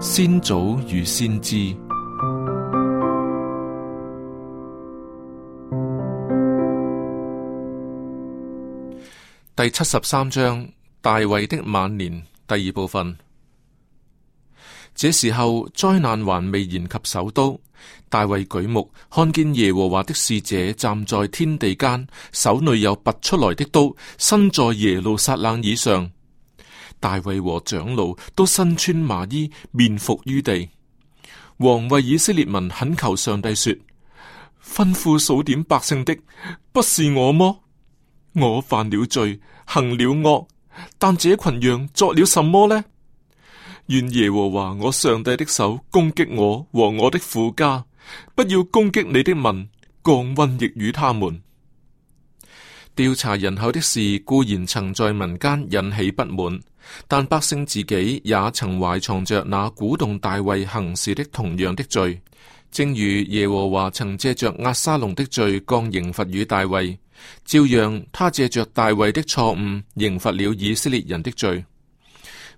先祖與先知第七十三章，大衛的晚年，第二部分。這時候災難還未延及首都，大衛舉目看見耶和華的使者站在天地間，手裏有拔出來的刀，身在耶路撒冷以上。大衛和長老都身穿麻衣，面伏於地。王為以色列民懇求上帝說：吩咐數點百姓的，不是我麼？我犯了罪，行了惡，但這群羊作了什麼呢？願耶和華我上帝的手攻擊我和我的父家，不要攻擊你的民，降瘟疫與他們。調查人口的事固然曾在民間引起不滿，但百姓自己也曾懷藏着那鼓動大衛行事的同樣的罪。正如耶和華曾借着押沙龍的罪降刑罰於大衛，照樣他借着大衛的錯誤，刑罰了以色列人的罪。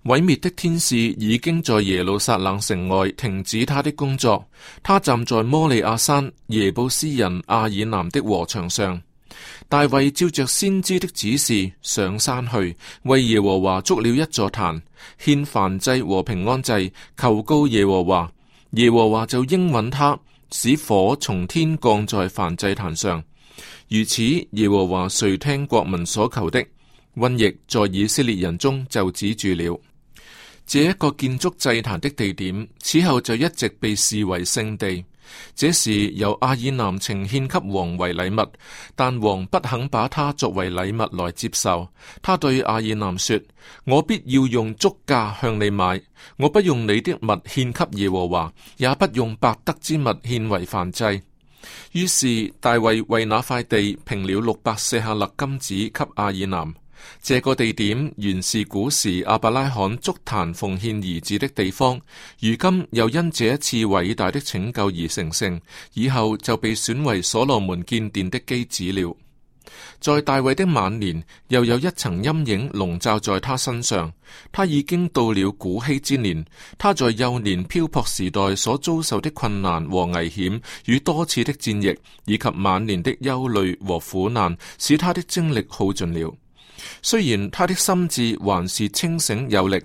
毀滅的天使已經在耶路撒冷城外停止他的工作，他站在摩利亞山耶布斯人阿爾南的禾場上。大衛照着先知的指示上山去，為耶和華築了一座壇，獻燔祭和平安祭，求告耶和華。耶和華就應允他，使火從天降在燔祭壇上。如此，耶和華垂聽國民所求的，瘟疫在以色列人中就止住了。這一個建築祭壇的地點，此後就一直被視為聖地。這是由阿珥楠呈獻給王為禮物，但王不肯把它作為禮物來接受。他對阿珥楠說：我必要用足價向你買，我不用你的物獻給耶和華，也不用白得之物獻為燔祭。於是大衛為那塊地平了六百舍客勒金子給阿珥楠。這個地點原是古時亞伯拉罕築壇奉獻兒子的地方，如今又因這一次偉大的拯救而成聖，以後就被選為所羅門建殿的基址了。在大衛的晚年，又有一層陰影籠罩在他身上。他已經到了古稀之年，他在幼年漂泊時代所遭受的困難和危險，與多次的戰役，以及晚年的憂慮和苦難，使他的精力耗盡了。雖然他的心智還是清醒有力，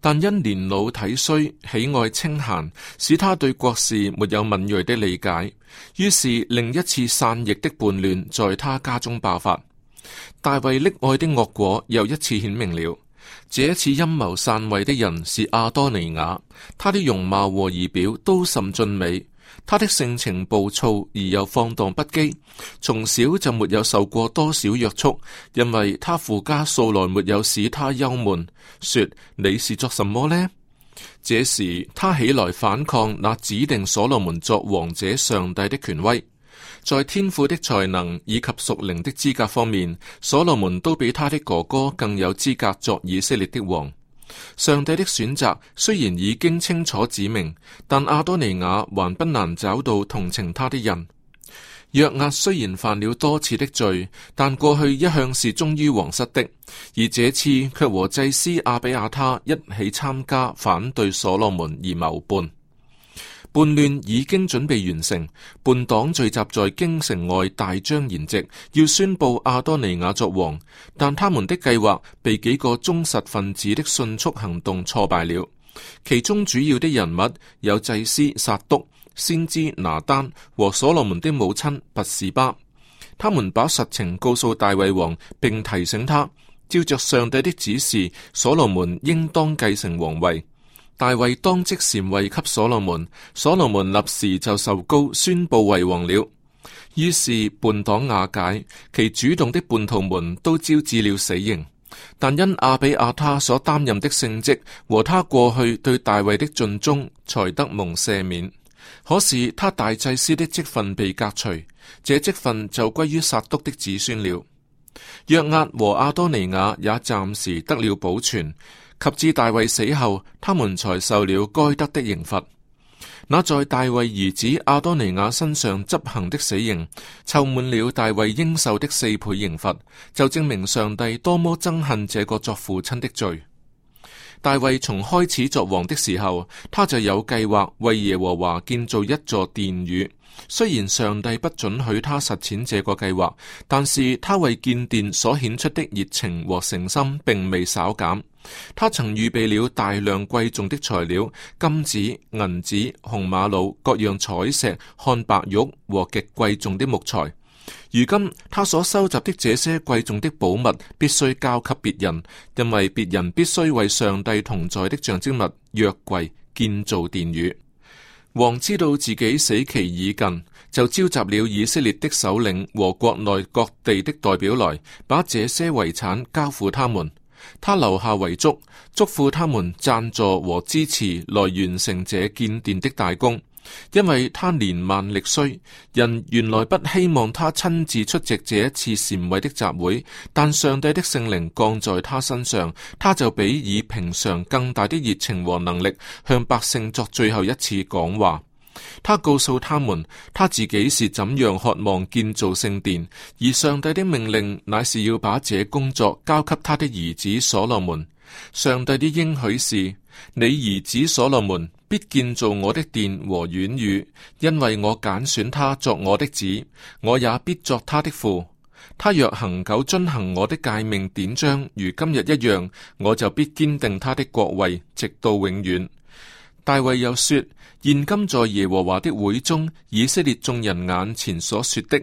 但因年老體衰，喜愛清閒，使他對國事沒有敏銳的理解。於是另一次散逸的叛亂在他家中爆發。大衛溺愛的惡果又一次顯明了。這一次陰謀篡位的人是亞多尼雅，他的容貌和儀表都甚俊美。他的性情暴躁而又放蕩不羈，從小就沒有受過多少約束，因為他父家素來沒有使他憂悶，說你是作什麼呢？這時他起來反抗那指定所羅門作王者上帝的權威，在天賦的才能以及屬靈的資格方面，所羅門都比他的哥哥更有資格作以色列的王。上帝的選擇雖然已經清楚指明，但亞多尼亞還不能找到同情他的人。約押雖然犯了多次的罪，但過去一向是忠於王室的，而這次却和祭司阿比亞他一起參加反對所羅門而謀叛。叛亂已經準備完成，叛黨聚集在京城外大張筵席，要宣布亞多尼亞作王。但他們的計劃被幾個忠實分子的迅速行動挫敗了。其中主要的人物有祭司撒督、先知拿單和所羅門的母親拔士巴。他們把實情告訴大衛王，並提醒他，照着上帝的指示，所羅門應當繼承皇位。大衛當即禪位給所羅門，所羅門立時就受高宣布為王了。於是叛黨瓦解，其主動的叛徒們都招致了死刑。但因亞比亞他所擔任的聖職和他過去對大衛的盡忠，才得蒙赦免。可是他大祭司的職份被革除，這職份就歸於撒督的子孫了。約押和阿多尼亞也暫時得了保存。及至大衛死後，他們才受了該得的刑罰。那在大衛兒子阿多尼亞身上執行的死刑，湊滿了大衛應受的四倍刑罰，就證明上帝多麼憎恨這個作父親的罪。大衛從開始作王的時候，他就有計劃為耶和華建造一座殿宇。雖然上帝不准許他實踐這個計劃，但是他為建殿所顯出的熱情和誠心，並未稍減。他曾預備了大量貴重的材料，金子、銀子、紅瑪瑙、各樣彩石、漢白玉和極貴重的木材。如今，他所收集的這些貴重的寶物，必須交給別人，因為別人必須為上帝同在的象徵物——約櫃建造殿宇。王知道自己死期已近，就召集了以色列的首領和國內各地的代表來，把這些遺產交付他們。他留下遺囑，囑咐他們贊助和支持來完成這建殿的大功。因為他年邁力衰，人原來不希望他親自出席這一次禪位的集會，但上帝的聖靈降在他身上，他就比以平常更大的熱情和能力向百姓作最後一次講話。他告訴他們，他自己是怎樣渴望建造聖殿，而上帝的命令乃是要把這工作交給他的兒子所羅門。上帝的應許是：你兒子所羅門必建造我的殿和院宇，因為我揀選他作我的子，我也必作他的父。他若恒久遵行我的誡命典章，如今日一樣，我就必堅定他的國位，直到永遠。大衛又說：現今在耶和華的會中，以色列眾人眼前所說的。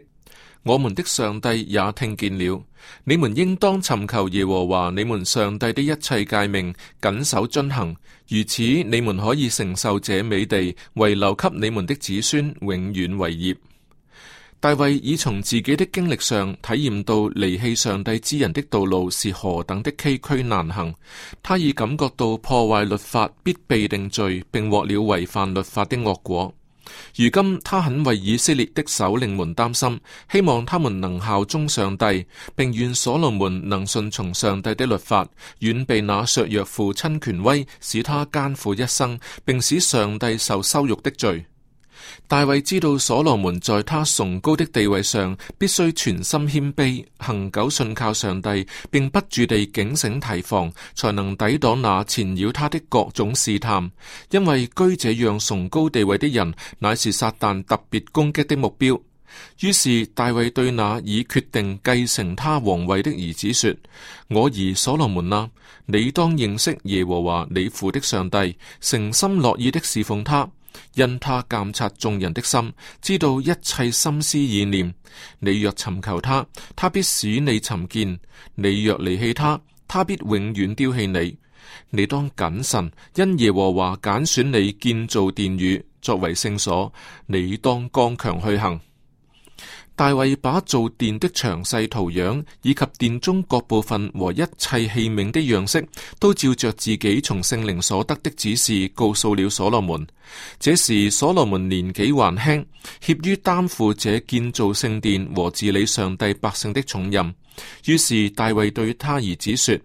我們的上帝也聽見了，你們應當尋求耶和華你們上帝的一切誡命，謹守遵行，如此你們可以承受這美地，遺留給你們的子孫永遠為業。大衛已從自己的經歷上體驗到離棄上帝之人的道路是何等的崎嶇難行，他已感覺到破壞律法必被定罪，並獲了違反律法的惡果。如今他很為以色列的首領們擔心，希望他們能效忠上帝，並願所羅門能順從上帝的律法，遠避那削弱父親權威、使他艱苦一生，並使上帝受羞辱的罪。大衛知道所羅門在他崇高的地位上，必須全心謙卑、恆久信靠上帝，並不住地警醒提防，才能抵擋那纏繞他的各種試探。因為居這樣崇高地位的人，乃是撒旦特別攻擊的目標。於是大衛對那已決定繼承他皇位的兒子說：我兒所羅門啊，你當認識耶和華你父的上帝，誠心樂意的侍奉他。因他監察眾人的心，知道一切心思意念。你若尋求他，他必使你尋見；你若離棄他，他必永遠丟棄你。你當謹慎，因耶和華揀選你建造殿宇，作為聖所；你當剛強去行。大衛把造殿的詳細圖樣以及殿中各部分和一切器皿的樣式，都照着自己從聖靈所得的指示，告訴了所羅門。這時，所羅門年紀還輕，怯於擔負這建造聖殿和治理上帝百姓的重任。於是，大衛對他兒子說：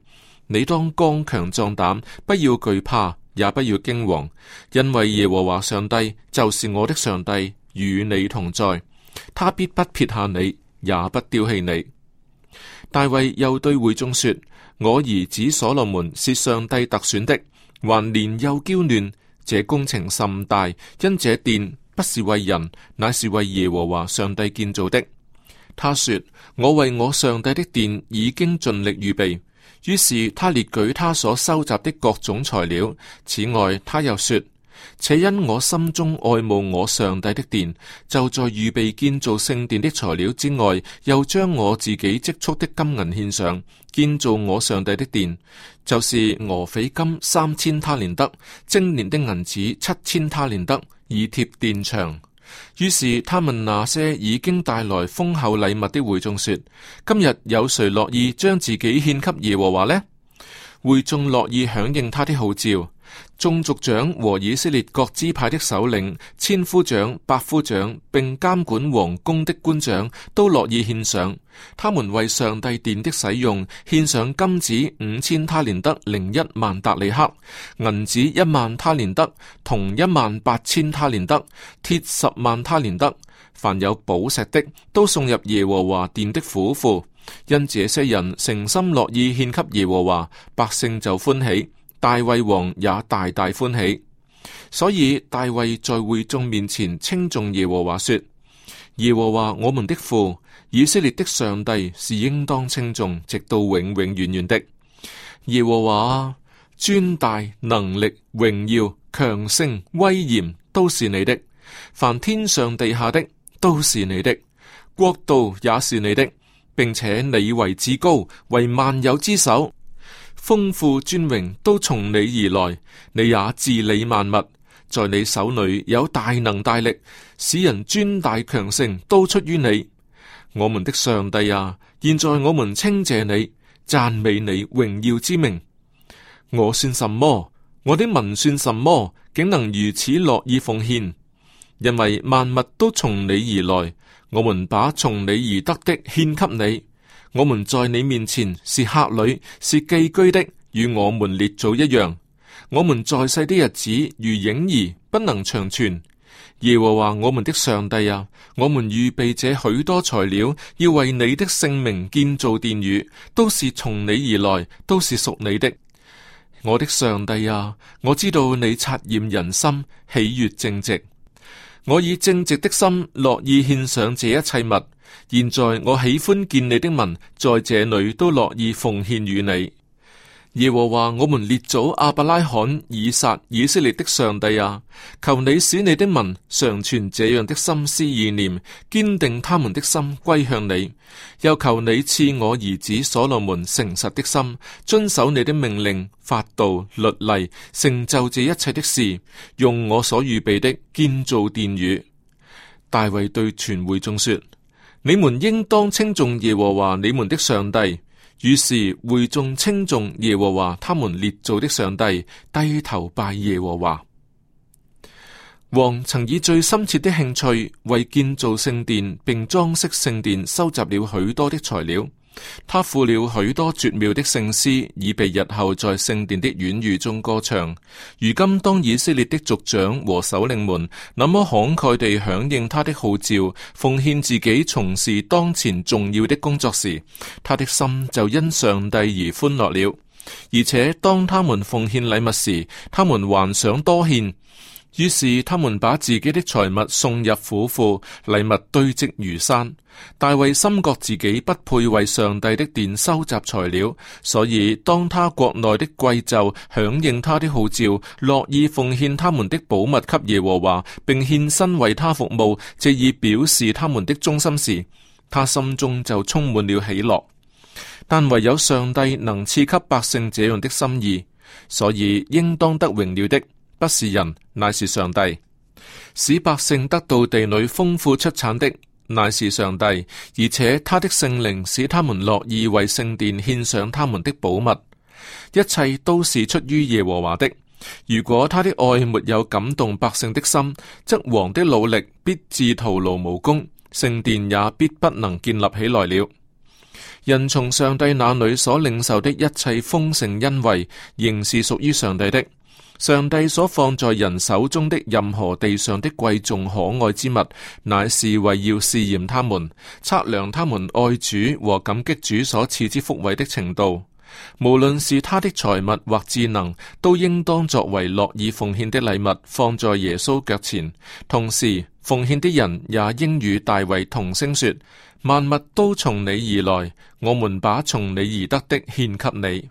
你當剛強壯膽，不要懼怕，也不要驚惶，因為耶和華上帝就是我的上帝，與你同在。他必不撇下你，也不丟棄你。大衛又對會眾說：我兒子所羅門是上帝特選的，還年幼嬌嫩。這工程甚大，因這殿不是為人，乃是為耶和華上帝建造的。他說：我為我上帝的殿已經盡力預備。於是他列舉他所收集的各種材料。此外，他又說。且因我心中愛慕我上帝的殿，就在預備建造聖殿的材料之外，又將我自己積蓄的金銀獻上，建造我上帝的殿，就是俄斐金三千他連得，精煉的銀子七千他連得，以貼殿牆。於是他問那些已經帶來豐厚禮物的會眾說：今日有誰樂意將自己獻給耶和華呢？會眾樂意響應他的號召。眾族長和以色列各支派的首領、千夫長、百夫長，並監管皇宮的官長都樂意獻上，他們為上帝殿的使用獻上金子五千他連德零一萬達里克，銀子一萬他連德，銅一萬八千他連德，鐵十萬他連德，凡有寶石的都送入耶和華殿的府庫，因這些人誠心樂意獻給耶和華，百姓就歡喜。大衛王也大大歡喜，所以大衛在會眾面前稱頌耶和華說：耶和華我們的父，以色列的上帝是應當稱頌，直到永永遠遠的。耶和華尊大能力榮耀強盛威嚴都是你的，凡天上地下的都是你的，國度也是你的，並且你為至高，為萬有之首。豐富尊榮都從你而來，你也治理萬物，在你手裏有大能大力，使人尊大強盛都出於你。我們的上帝啊，現在我們稱謝你，贊美你榮耀之名。我算什麼？我的民算什麼？竟能如此樂意奉獻？因為萬物都從你而來，我們把從你而得的獻給你。我們在你面前是客旅，是寄居的，與我們列祖一樣。我們在世的日子如影兒，不能長存。耶和華我們的上帝啊，我們預備這許多材料，要為你的聖名建造殿宇，都是從你而來，都是屬你的。我的上帝啊，我知道你察驗人心，喜悅正直。我以正直的心樂意獻上這一切物，現在我喜歡見你的民在這裏都樂意奉獻與你。耶和華，我們列祖亞伯拉罕、以撒、以色列的上帝啊，求你使你的民常存這樣的心思意念，堅定他們的心歸向你；又求你賜我兒子所羅門誠實的心，遵守你的命令、法度、律例，成就這一切的事，用我所預備的建造殿宇。大衛對全會眾說：你們應當稱頌耶和華你們的上帝。於是會眾稱頌耶和華他們列祖的上帝，低頭拜耶和華。王曾以最深切的興趣為建造聖殿，並裝飾聖殿，收集了許多的材料。他賦了許多絕妙的聖詩，以備日後在聖殿的院宇中歌唱。如今當以色列的族長和首領們那麼慷慨地響應他的號召，奉獻自己從事當前重要的工作時，他的心就因上帝而歡樂了。而且當他們奉獻禮物時，他們還想多獻。於是他們把自己的財物送入府庫，禮物堆積如山。大衛深覺自己不配為上帝的殿收集材料，所以當他國內的貴胄響應他的號召，樂意奉獻他們的寶物給耶和華，並獻身為他服務，借以表示他們的忠心時，他心中就充滿了喜樂。但唯有上帝能賜給百姓這樣的心意，所以應當得榮耀的。不是人，乃是上帝，使百姓得到地裏豐富出產的，乃是上帝。而且他的聖靈使他們樂意為聖殿獻上他們的寶物，一切都是出於耶和華的。如果他的愛沒有感動百姓的心，則王的努力必自徒勞無功，聖殿也必不能建立起來了。人從上帝那裏所領受的一切豐盛恩惠，仍是屬於上帝的。上帝所放在人手中的任何地上的貴重可愛之物，乃是為要試驗他們，測量他們愛主和感激主所賜之福惠的程度。無論是他的財物或智能，都應當作為樂意奉獻的禮物，放在耶穌腳前。同時，奉獻的人也應與大衛同聲說：萬物都從你而來，我們把從你而得的獻給你。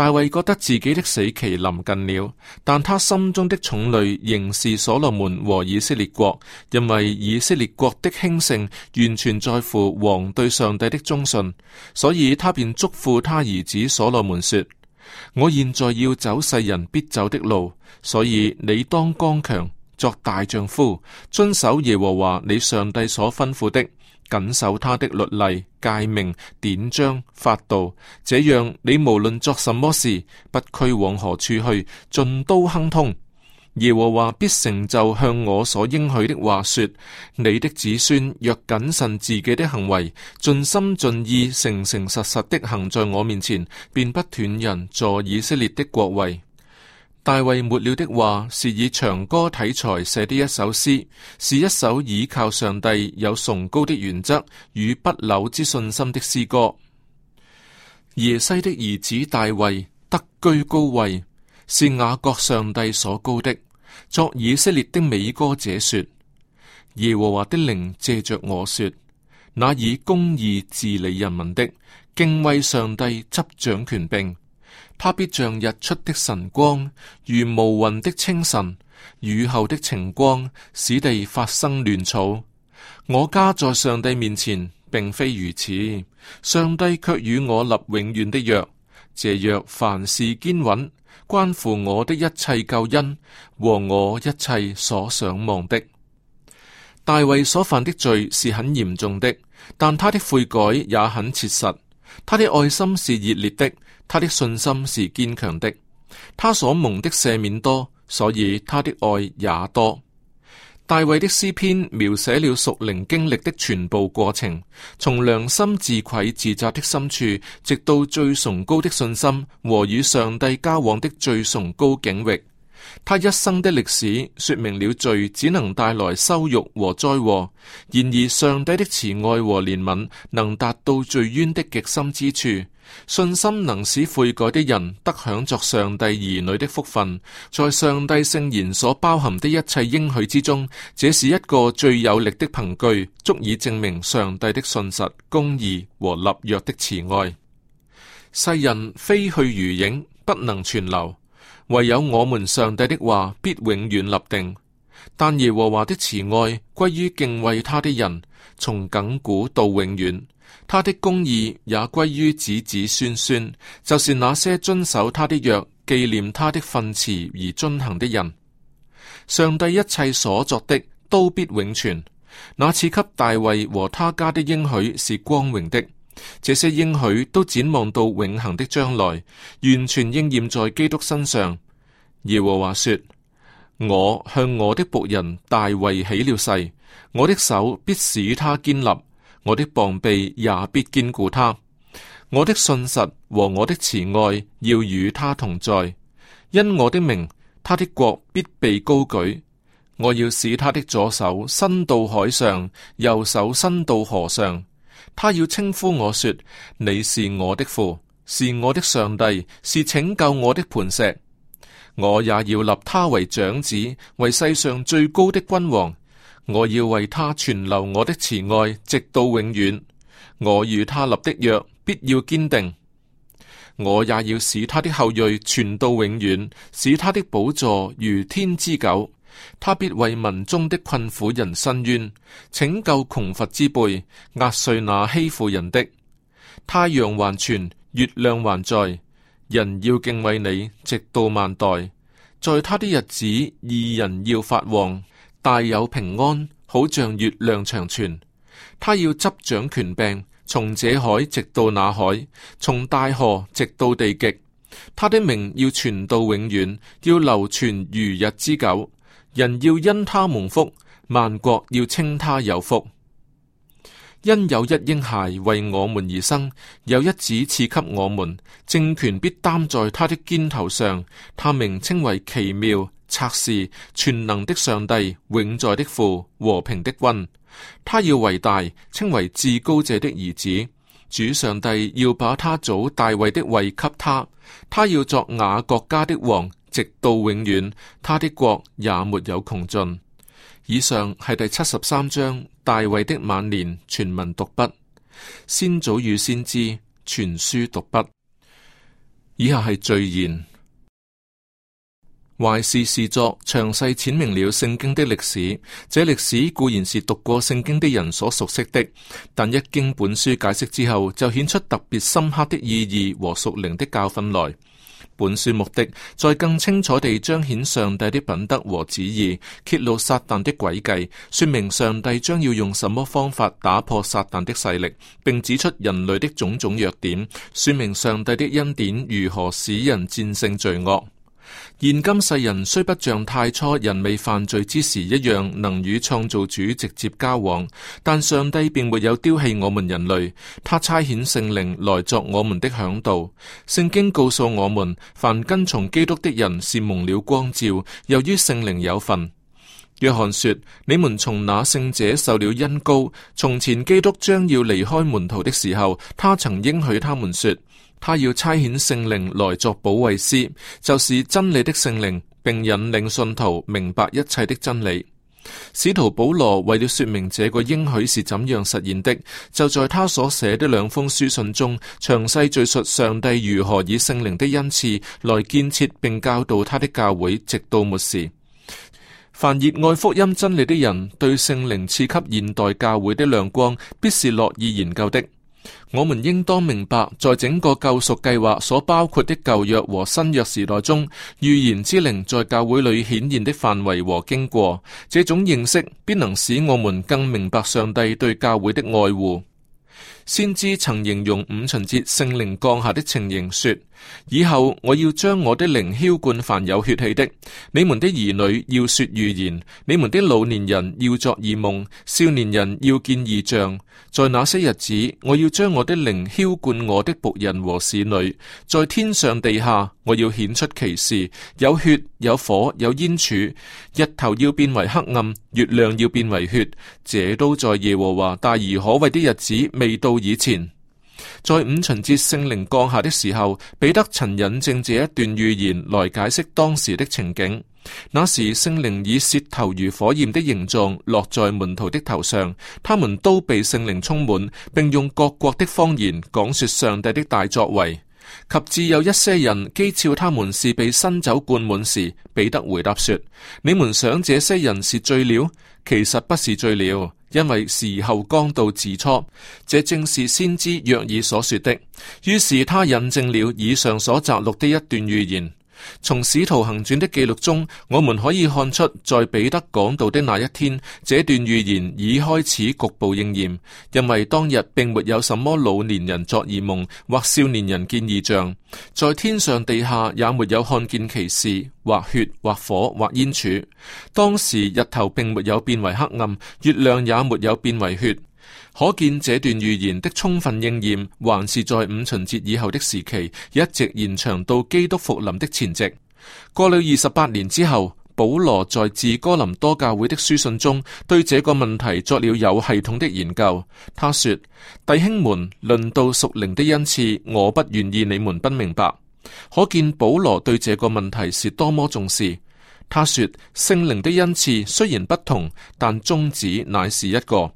大衛覺得自己的死期臨近了，但他心中的重慮仍是所羅門和以色列國，因為以色列國的興盛完全在乎王對上帝的忠信，所以他便囑咐他兒子所羅門說：我現在要走世人必走的路，所以你當剛強作大丈夫，遵守耶和華你上帝所吩咐的。謹守他的律例、誡命、典章、法度，這樣你無論作什麼事，不拘往何處去，盡都亨通。耶和華必成就向我所應許的話說：你的子孫若謹慎自己的行為，盡心盡意誠誠實實的行在我面前，便不斷人坐以色列的國位。大衛末了的話，是以長歌體裁寫的一首詩，是一首依靠上帝有崇高的原則與不朽之信心的詩歌。耶西的兒子大衛得居高位，是雅各上帝所高的。作以色列的美歌者說：耶和華的靈借着我說，那以公義治理人民的，敬畏上帝執掌權柄。他必像日出的晨光，如無雲的清晨，雨後的晴光，使地發生嫩草。我家在上帝面前並非如此，上帝卻與我立永遠的約，這約凡事堅穩，關乎我的一切救恩和我一切所想望的。大衛所犯的罪是很嚴重的，但他的悔改也很切實，他的愛心是熱烈的。他的信心是堅強的，他所蒙的赦免多，所以他的愛也多。大衛的詩篇描寫了屬靈經歷的全部過程，從良心自愧自責的深處，直到最崇高的信心和與上帝交往的最崇高境域。他一生的歷史說明了罪只能帶來羞辱和災禍，然而上帝的慈愛和憐憫能達到最冤的極深之處。信心能使悔改的人得享作上帝兒女的福分，在上帝聖言所包含的一切應許之中，這是一個最有力的憑據，足以證明上帝的信實、公義和立約的慈愛。世人飛去如影，不能存留；唯有我們上帝的話必永遠立定。但耶和華的慈愛歸於敬畏他的人，從亙古到永遠。他的公義也歸於子子孫孫，就是那些遵守他的約、紀念他的訓詞而遵行的人。上帝一切所作的都必永存，那賜給大衛和他家的應許是光榮的。這些應許都展望到永恒的將來，完全應驗在基督身上。耶和華說：我向我的僕人大衛起了誓，我的手必使他堅立。我的膀臂也必堅固他，我的信實和我的慈愛要與他同在。因我的名，他的國必被高舉。我要使他的左手伸到海上，右手伸到河上。他要稱呼我說：你是我的父，是我的上帝，是拯救我的磐石。我也要立他為長子，為世上最高的君王。我要為他存留我的慈愛，直到永遠。我與他立的約，必要堅定。我也要使他的後裔傳到永遠，使他的寶座如天之久。他必為民中的困苦人伸冤，拯救窮乏之輩，壓碎那欺負人的。太陽還存，月亮還在，人要敬畏你，直到萬代。在他的日子，義人要發旺。大有平安，好像月亮長存。他要執掌權柄，從這海直到那海，從大河直到地極。他的名要傳到永遠，要流傳如日之久。人要因他蒙福，萬國要稱他有福。因有一嬰孩為我們而生，有一子賜給我們，政權必擔在他的肩頭上。他名稱為奇妙。策士、全能的上帝，永在的父，和平的君。他要為大，稱為至高者的兒子。主上帝要把他祖大衛的位給他，他要作雅各家的王，直到永遠。他的國也沒有窮盡。以上係第七十三章大衛的晚年，全文讀畢。先祖與先知全書讀畢。以下係序言。壞事是作詳細闡明了聖經的歷史，這歷史固然是讀過聖經的人所熟悉的，但一經本書解釋之後，就顯出特別深刻的意義和屬靈的教訓來。本書目的，在更清楚地彰顯上帝的品德和旨意，揭露撒旦的詭計，說明上帝將要用什麼方法打破撒旦的勢力，並指出人類的種種弱點，說明上帝的恩典如何使人戰勝罪惡。現今世人雖不像太初人未犯罪之時一樣能與創造主直接交往，但上帝並沒有丟棄我們人類，他差遣聖靈來作我們的嚮導。聖經告訴我們，凡跟從基督的人是蒙了光照，由於聖靈有份。約翰說：你們從那聖者受了恩膏，從前基督將要離開門徒的時候，他曾應許他們說，他要差遣聖靈來作保惠師，就是真理的聖靈，並引領信徒明白一切的真理。使徒保羅為了說明這個應許是怎樣實現的，就在他所寫的兩封書信中，詳細敘述上帝如何以聖靈的恩賜來建設並教導他的教會，直到末時。凡熱愛福音真理的人，對聖靈賜給現代教會的亮光，必是樂意研究的。我們應當明白，在整個救贖計劃所包括的舊約和新約時代中，預言之靈在教會裏顯現的範圍和經過，這種認識，必能使我們更明白上帝對教會的愛護。先知曾形容五旬節聖靈降下的情形，說：以後我要將我的靈澆灌凡有血氣的，你們的兒女要說預言，你們的老年人要作異夢，少年人要見異象。在那些日子，我要將我的靈澆灌我的僕人和使女，在天上地下，我要顯出奇事，有血，有火，有煙柱，日頭要變為黑暗，月亮要變為血，這都在耶和華大而可畏的日子未到以前。在五旬節聖靈降下的時候，彼得曾引證這一段預言來解釋當時的情景。那時聖靈以舌頭如火焰的形狀落在門徒的頭上，他們都被聖靈充滿，並用各國的方言講說上帝的大作為。及至有一些人譏誚他們是被新酒灌滿時，彼得回答說：你們想這些人是醉了，其實不是醉了。因為時候剛到自初，這正是先知約珥所說的。於是他引證了以上所摘錄的一段預言。從使徒行傳的記錄中，我們可以看出，在彼得講道的那一天，這段預言已開始局部應驗。因為當日並沒有什麼老年人作異夢，或少年人見異象，在天上地下也沒有看見奇事，或血，或火，或煙柱。當時日頭並沒有變為黑暗，月亮也沒有變為血。可見這段預言的充分應驗，還是在五旬節以後的時期，一直延長到基督復臨的前夕。過了二十八年之後，保羅在致哥林多教會的書信中，對這個問題作了有系統的研究。他說：弟兄們，論到屬靈的恩賜，我不願意你們不明白。可見保羅對這個問題是多麼重視。他說：聖靈的恩賜雖然不同，但宗旨乃是一個。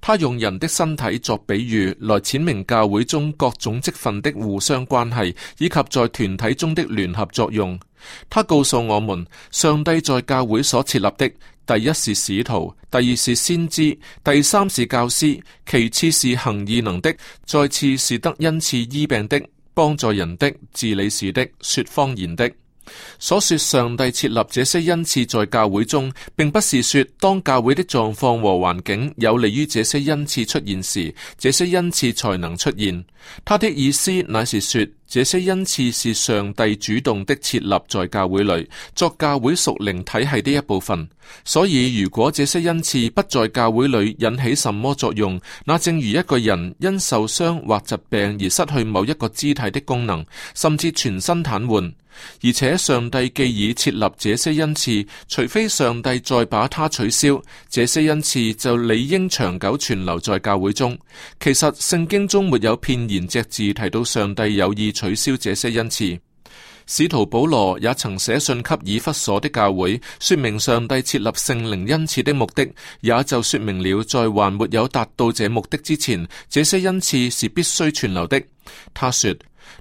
他用人的身體作比喻，來闡明教會中各種職分的互相關係，以及在團體中的聯合作用。他告訴我們，上帝在教會所設立的，第一是使徒，第二是先知，第三是教師，其次是行異能的，再次是得恩賜醫病的，幫助人的，治理事的，說方言的。所說上帝設立這些恩賜在教會中，並不是說當教會的狀況和環境有利於這些恩賜出現時，這些恩賜才能出現。他的意思乃是說，這些恩賜是上帝主動的設立在教會裏，作教會屬靈體系的一部分。所以，如果這些恩賜不在教會裏引起什麼作用，那正如一個人因受傷或疾病而失去某一個肢體的功能，甚至全身癱瘓。而且上帝既已設立這些恩賜，除非上帝再把它取消，這些恩賜就理應長久存留在教會中。其實聖經中沒有片言隻字提到上帝有意取消這些恩賜。使徒保羅也曾寫信給以弗所的教會，說明上帝設立聖靈恩賜的目的，也就說明了在還沒有達到這目的之前，這些恩賜是必須存留的。他說：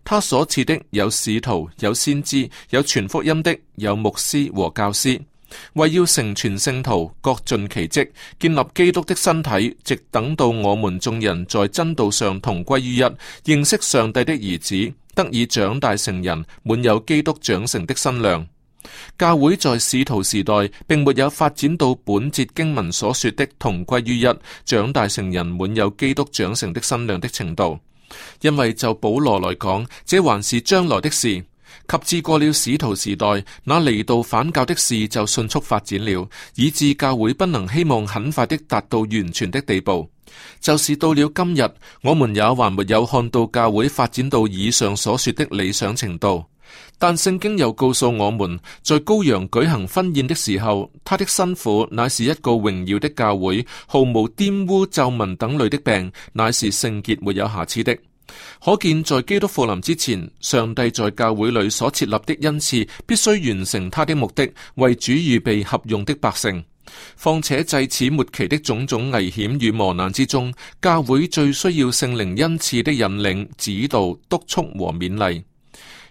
他所賜的有使徒，有先知，有傳福音的，有牧師和教師，為要成全聖徒，各盡其職，建立基督的身體，直等到我們眾人在真道上同歸於一，認識上帝的兒子，得以長大成人，滿有基督長成的身量。教會在使徒時代，並沒有發展到本節經文所說的同歸於一、長大成人、滿有基督長成的身量的程度。因為就保羅來講，這還是將來的事。及至過了使徒時代，那離道反教的事就迅速發展了，以致教會不能希望很快的達到完全的地步。就是到了今日，我們也還沒有看到教會發展到以上所說的理想程度。但聖經又告訴我們，在羔羊舉行婚宴的時候，他的新婦乃是一個榮耀的教會，毫無玷污、皺紋等類的病，乃是聖潔、沒有瑕疵的。可見在基督復臨之前，上帝在教會裏所設立的恩賜，必須完成他的目的，為主預備合用的百姓。況且在此末期的種種危險與磨難之中，教會最需要聖靈恩賜的引領、指導、督促和勉勵。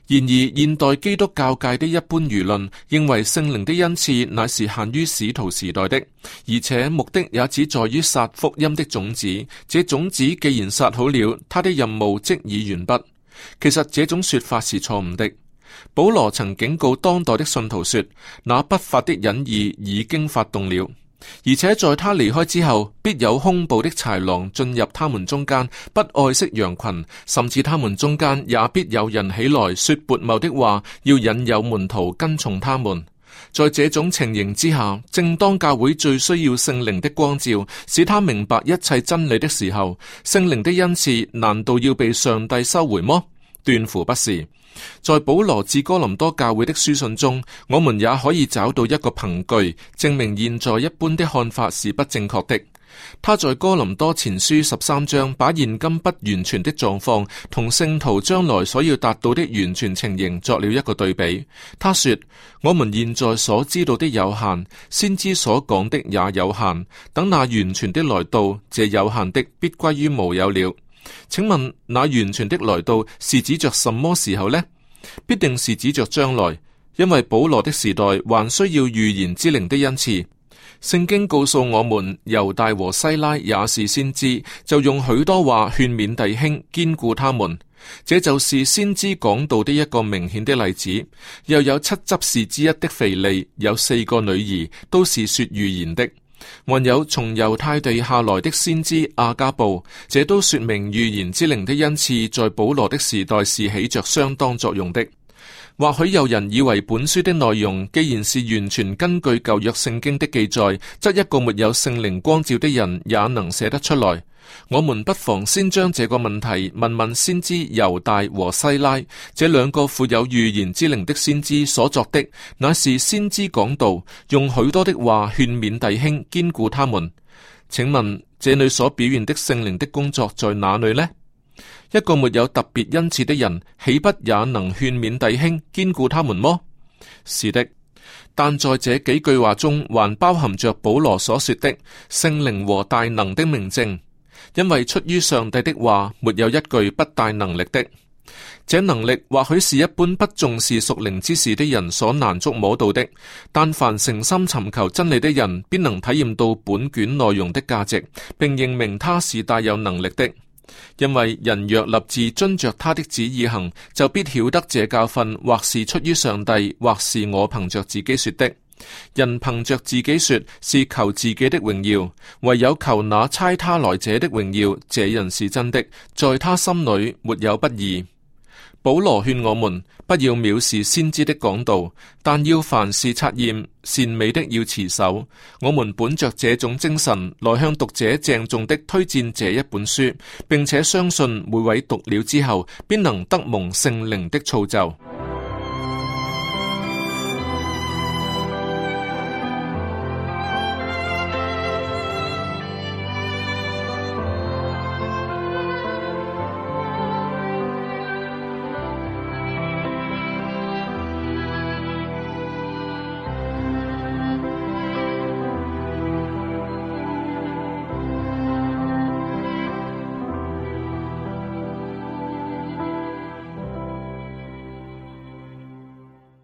然而，現代基督教界的一般輿論認為聖靈的恩賜乃是限於使徒時代的，而且目的也只在於殺福音的種子。這種子既然殺好了，他的任務即已完畢，其實這種說法是錯誤的。保羅曾警告當代的信徒說，那不法的隱意已經發動了。而且在他離開之後，必有兇暴的豺狼進入他們中間，不愛惜羊群，甚至他們中間也必有人起來說悖謬的話，要引誘門徒跟從他們。在這種情形之下，正當教會最需要聖靈的光照，使他明白一切真理的時候，聖靈的恩賜難道要被上帝收回嗎？斷乎不是。在保羅至哥林多教會的書信中，我們也可以找到一個憑據，證明現在一般的看法是不正確的。他在哥林多前書十三章，把現今不完全的狀況同聖徒將來所要達到的完全情形作了一個對比。他說：我們現在所知道的有限，先知所講的也有限，等那完全的來到，這有限的必歸於無有了。請問，那完全的來到是指着什麼時候呢？必定是指着將來，因為保羅的時代還需要預言之靈的恩賜。聖經告訴我們，猶大和西拉也是先知，就用許多話勸勉弟兄，堅固他們。這就是先知講道的一個明顯的例子。又有七執事之一的腓利，有四個女兒，都是說預言的。還有從猶太地下來的先知阿加布，這都說明預言之靈的恩賜在保羅的時代是起着相當作用的。或許有人以為本書的內容既然是完全根據舊約聖經的記載，則一個沒有聖靈光照的人也能寫得出來。我們不妨先將這個問題問問先知猶大和西拉這兩個富有預言之靈的先知所作的，那是先知講道，用許多的話勸勉弟兄，堅固他們。請問這裏所表現的聖靈的工作在哪裏呢？一個沒有特別恩賜的人，豈不也能勸勉弟兄，堅固他們麼？是的，但在這幾句話中，還包含着保羅所說的聖靈和大能的明證，因為出於上帝的話，沒有一句不帶能力的。這能力或許是一般不重視屬靈之事的人所難捉摸到的，但凡誠心尋求真理的人，必能體驗到本卷內容的價值，並認明它是帶有能力的。因為人若立志遵着他的旨意行，就必曉得這教訓或是出於上帝，或是我憑着自己說的。人憑着自己說，是求自己的榮耀；唯有求那差他來者的榮耀，這人是真的，在他心裏沒有不義。保羅勸我們不要藐視先知的講道，但要凡事察驗，善美的要持守。我們本着這種精神，來向讀者鄭重的推薦這一本書，並且相信每位讀了之後，必能得蒙聖靈的造就。